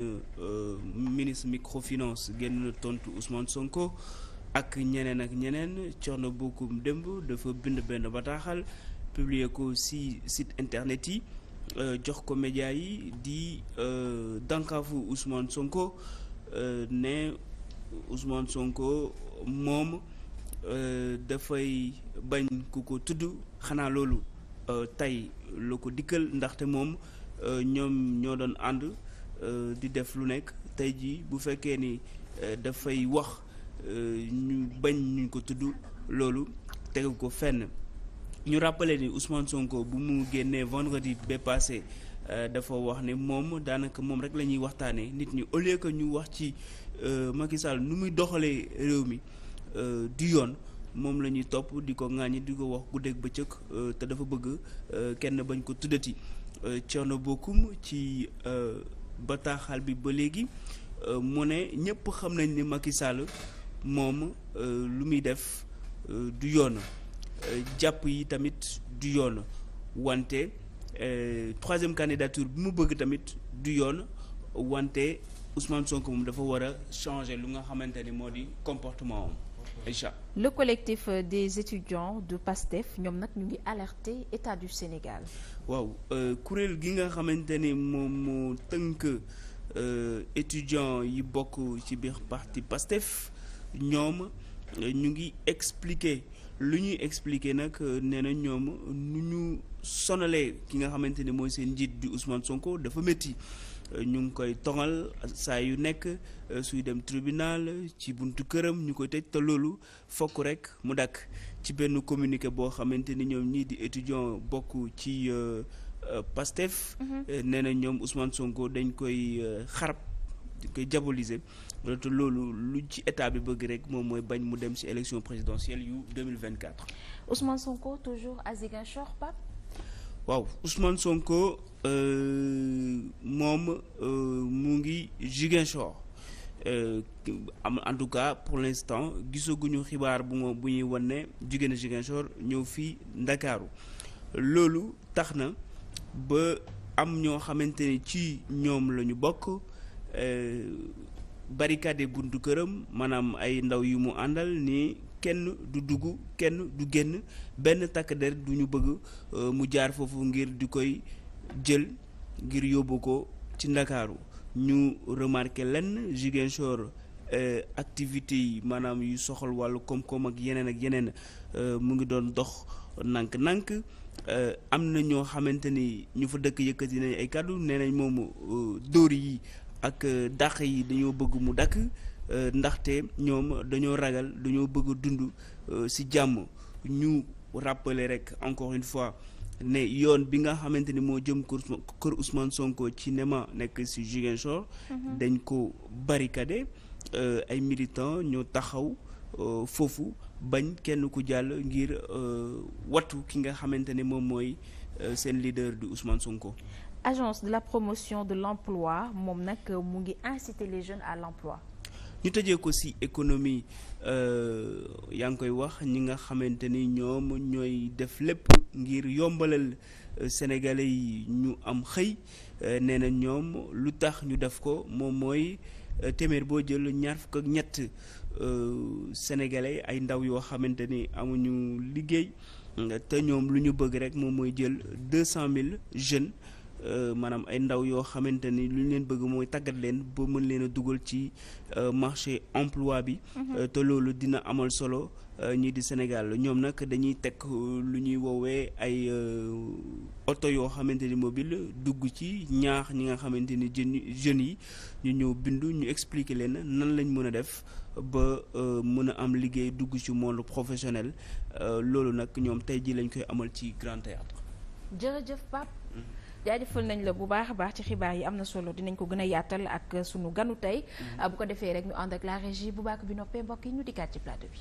Euh, euh, ministre microfinance génn tontu Ousmane Sonko ak ñeneen ak ñeneen Thierno Bocoum démb dafa bind benn bataaxal publier ko ci site internet yi euh, jox ko média yi di dànkaafu Ousmane Sonko ne Ousmane Sonko moom dafay bañ ku ko tudd xanaa loolu tey la ko dikkal ndaxte moom ñoom ñoo doon ànd Euh, di def lu nekk tey jii bu fekkee ni euh, dafay wax euh, ñu bañ ñu ko tudd loolu tegu ko fenn ñu rappelé ni Ousmane Sonko bu mu génnee vendredi ba passé dafa wax ne moom daanaka moom rek la ñuy waxtaanee nit ñi au lieu que ñu wax ci Macky Sall nu muy doxalee réew mi du yoon moom la ñuy topp di ko ŋaañi di ko wax guddeeg bëccëg te dafa bëgg kenn bañ ko tuddati Thierno Bocoum ci. bataaxal bi ba léegi euh, mu ne ñëpp xam nañ ni Macky Sall moom euh, lu muy def euh, du yoon jàpp yi tamit du yoon wante troisième candidature bi mu bëgg tamit du yoon wante Ousmane Sonko moom dafa war a changer lu nga xamante ni moo di comportement am. Aïcha le collectif des étudiants de PASTEF ñoom nag ñu ngi alerte état du Sénégal. waaw euh, kuréel gi nga xamante ni moom moo tënk euh, étudiants yi bokk ci biir parti PASTEF ñoom euh, ñu ngi expliquer lu ñuy expliquer nag nee na ñoom nu ñu sonalee ki nga xamante ni mooy seen njiit di Ousmane Sonko dafa métti. ñu ngi koy toŋal saa yu nekk euh, suy dem tribunal ci buntu këram ñu koy tëj te loolu fokk rek mu dakk ci benn communiqué boo xamante ni ñoom ñii di étudiant bokk ci euh, euh, Pastef mhm. nee na ñoom Ousmane Sonko dañ koy xarab dañ koy diaboliser te loolu lu ci état bi bëgg rek moom mooy bañ mu dem ci élection présidentielle yu 2024 Ousmane Sonko toujours waaw Ousmane Sonko euh, moom euh, mu ngi Ziguinchor euh, am en tout cas pour l'instant gisaguñu xibaar bu ma bu ñuy wan ne jóge na ñëw fii Ndakaaru loolu tax na ba am ñoo xamante ci ñoom la ñu bokk barricade buntu këram maanaam ay ndaw yu mu àndal nii kenn du dugg kenn du génn benn takk der du ñu bëgg euh, mu jaar foofu ngir di koy jël ngir yóbbu ko ci ndakaaru ñu remarqué lenn Ziguinchor euh, activités yi maanaam yu soxal wàll koom-koom ak yeneen ak yeneen euh, mu ngi doon dox nànk-nànk am na ñoo xamante ni ñu fa dëkk yëkkati nañ ay kàddu nee nañ moom dóor yi ak dàq yi dañoo bëgg mu dakk Euh, ndaxte ñoom dañoo ragal dañoo bëgg dund euh, si jàmm ñu rappeler rek encore une fois ne yoon bi nga xamante ni moo jëm kër Ousmane Sonko ci nema nekk si ci Ziguinchor mhm. dañ ko barricadé euh, ay militants ñoo taxaw foofu bañ kenn ku jàll ngir wattu ki nga xamante ne moom mooy seen leader di Ousmane Sonko. Agence de la promotion de l'emploi moom nag mu ngi inciter les jeunes à l'emploi ñu tëjee ko ci économie euh, yaa ngi koy wax ñi nga xamante ni ñoom ñooy def lépp ngir yombalal euh, sénégalais yi ñu am xëy euh, nee na ñoom lu tax ñu def ko moom mooy téeméer boo jël ñaar fukk ak ñett sénégalais ay ndaw yoo xamante ni amuñu liggéey te ñoom lu ñu bëgg rek moom mooy jël deux cent mille jeunes. Euh, maanaam ay ndaw yoo xamante ni lu ñu leen bëgg mooy tàggat leen ba mën leen a dugal ci euh, marché emploi bi. Mhm. Euh, te loolu dina amal solo ñii di Sénégal ñoom nag dañuy teg lu ñuy woowee ay oto yoo xamante ni mobile dugg ci ñaax ñi nga xamante ni jeunes yi ñu ñëw bindu ñu expliquer leen nan lañ mën a def ba mën a am liggéey dugg ci monde professionnel loolu nag ñoom tey jii lañ koy amal ci Grand Théâtre jaajëfal nañ la bu baax a baax ci xibaar yi am na solo dinañ ko gën a yaatal ak sunu ganu tey mm-hmm. ah, bu ko defee rek ñu ànd ak la régie bu baax bi noppee mbokk yi ñu dikkaat ci plateau bi